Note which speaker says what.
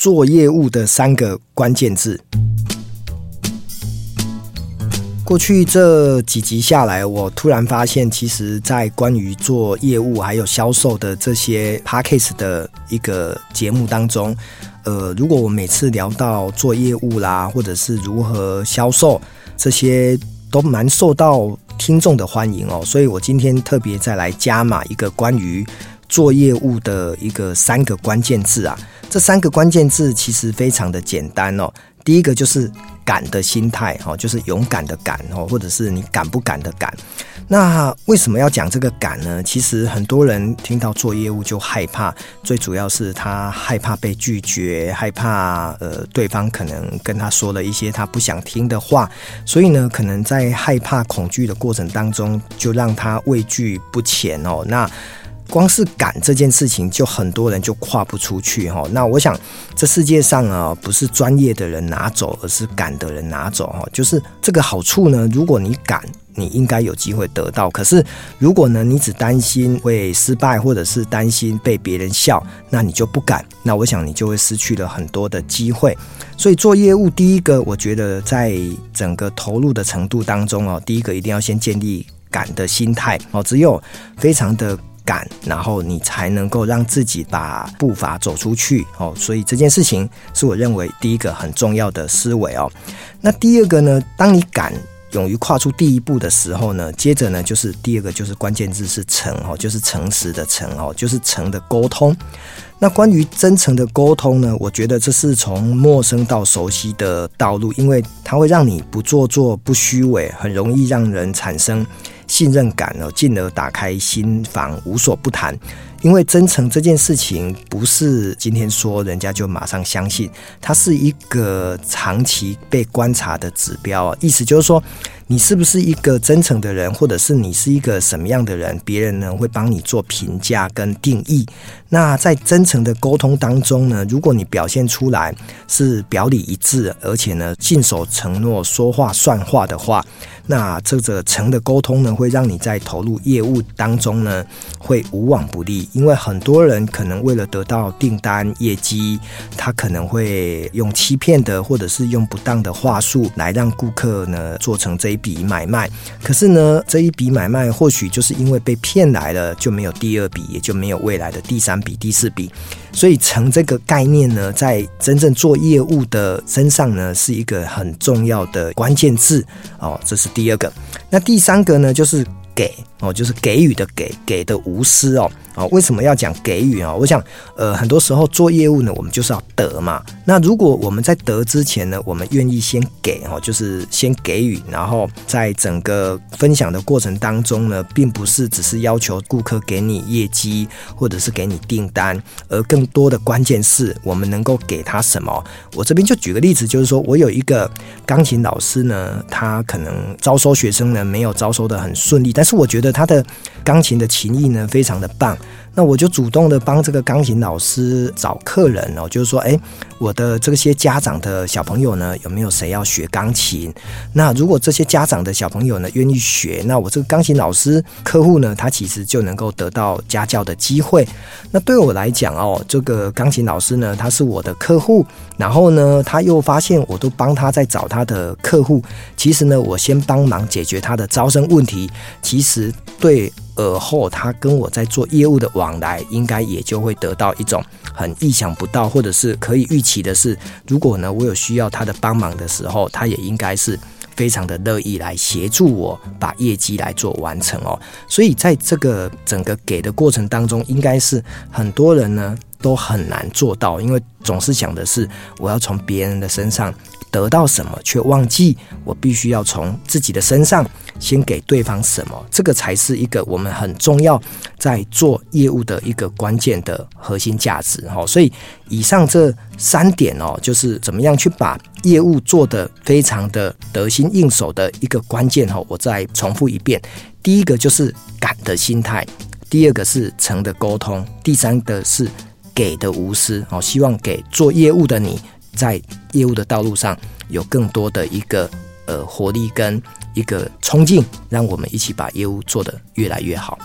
Speaker 1: 做業務的三個關鍵字。過去這幾集下來，我突然發現，其實，在關於做業務還有銷售的這些 podcast 的一個節目當中，呃，如果我每次聊到做業務啦，或者是如何銷售，這些都蠻受到聽眾的歡迎哦、喔。所以我今天特別再來加碼一個關於。做業務的一個三個關鍵字啊，這三個關鍵字其實非常的簡單哦。第一個就是“敢”的心態哦，就是勇敢的“敢”哦，或者是你敢不敢的“敢”。那為什麼要講這個“敢”呢？其實很多人聽到做業務就害怕，最主要是他害怕被拒絕，害怕呃對方可能跟他說了一些他不想聽的話，所以呢，可能在害怕、恐懼的過程當中，就讓他畏懼不前哦。那光是敢這件事情，就很多人就跨不出去哈。那我想，這世界上啊，不是專業的人拿走，而是敢的人拿走哈。就是這個好處呢，如果你敢，你應該有機會得到。可是，如果呢，你只擔心會失敗，或者是擔心被別人笑，那你就不敢。那我想，你就會失去了很多的機會。所以做業務，第一個，我覺得在整個投入的程度當中啊，第一個一定要先建立敢的心態哦。只有非常的。敢，然後你才能夠讓自己把步伐走出去哦。所以這件事情是我認為第一個很重要的思維哦。那第二個呢？當你敢勇於跨出第一步的時候呢，接着呢就是第二個，就是關鍵字是誠哦，就是誠實的誠哦，就是誠的溝通。那關於真誠的溝通呢，我覺得這是從陌生到熟悉的道路，因為它會讓你不做作、不虛偽，很容易讓人產生。信任感哦，進而打開心房，無所不談。因為真誠這件事情，不是今天說人家就馬上相信，它是一個長期被觀察的指標，意思就是說。你是不是一個真誠的人，或者是你是一個什麼樣的人？別人呢會幫你做評價跟定義。那在真誠的溝通當中呢，如果你表現出來是表裡一致，而且呢信守承諾、說話算話的話，那這個誠的溝通呢，會讓你在投入業務當中呢會無往不利。因為很多人可能為了得到訂單、業績，他可能會用欺騙的或者是用不當的話術來讓顧客呢做成這一筆買賣，可是呢，這一筆買賣或許就是因為被騙來了，就沒有第二筆，也就沒有未來的第三筆、第四筆。所以，誠這個概念呢，在真正做業務的身上呢，是一個很重要的關鍵字。哦，這是第二個。那第三個呢，就是給。哦，就是給予的給給的無私哦，啊，哦，為什麼要講給予啊？我想，呃，很多時候做業務呢，我們就是要得嘛。那如果我們在得之前呢，我們願意先給哦，就是先給予，然後在整個分享的過程當中呢，並不是只是要求顧客給你業績或者是給你訂單，而更多的關鍵是我們能夠給他什麼。我這邊就舉個例子，就是說我有一個鋼琴老師呢，他可能招收學生呢，沒有招收的很順利，但是我覺得。他的鋼琴的琴藝呢，非常的棒。那我就主動的幫這個鋼琴老師找客人哦，就是說，哎，我的這些家長的小朋友呢，有沒有誰要學鋼琴？那如果這些家長的小朋友呢，願意學，那我這個鋼琴老師客戶呢，他其實就能夠得到家教的機會。那對我來講哦，這個鋼琴老師呢，他是我的客戶，然後呢，他又發現我都幫他在找他的客戶，其實呢，我先幫忙解決他的招生問題，其實對。而後，他跟我在做業務的往來，應該也就會得到一種很意想不到，或者是可以預期的是。是如果呢，我有需要他的幫忙的時候，他也應該是非常的樂意來協助我把業績來做完成哦。所以在這個整個給的過程當中，應該是很多人呢都很難做到，因為總是想的是我要從別人的身上。得到什麼，卻忘記我必須要從自己的身上先給對方什麼，這個才是一個我們很重要在做業務的一個關鍵的核心價值哈。所以以上這三點哦，就是怎麼樣去把業務做得非常的得心應手的一個關鍵哈。我再重複一遍，第一個就是敢的心態，第二個是誠的溝通，第三個是給的無私哦。希望給做業務的你。在業務的道路上，有更多的一個呃活力、跟一個衝勁，讓我們一起把業務做得越來越好。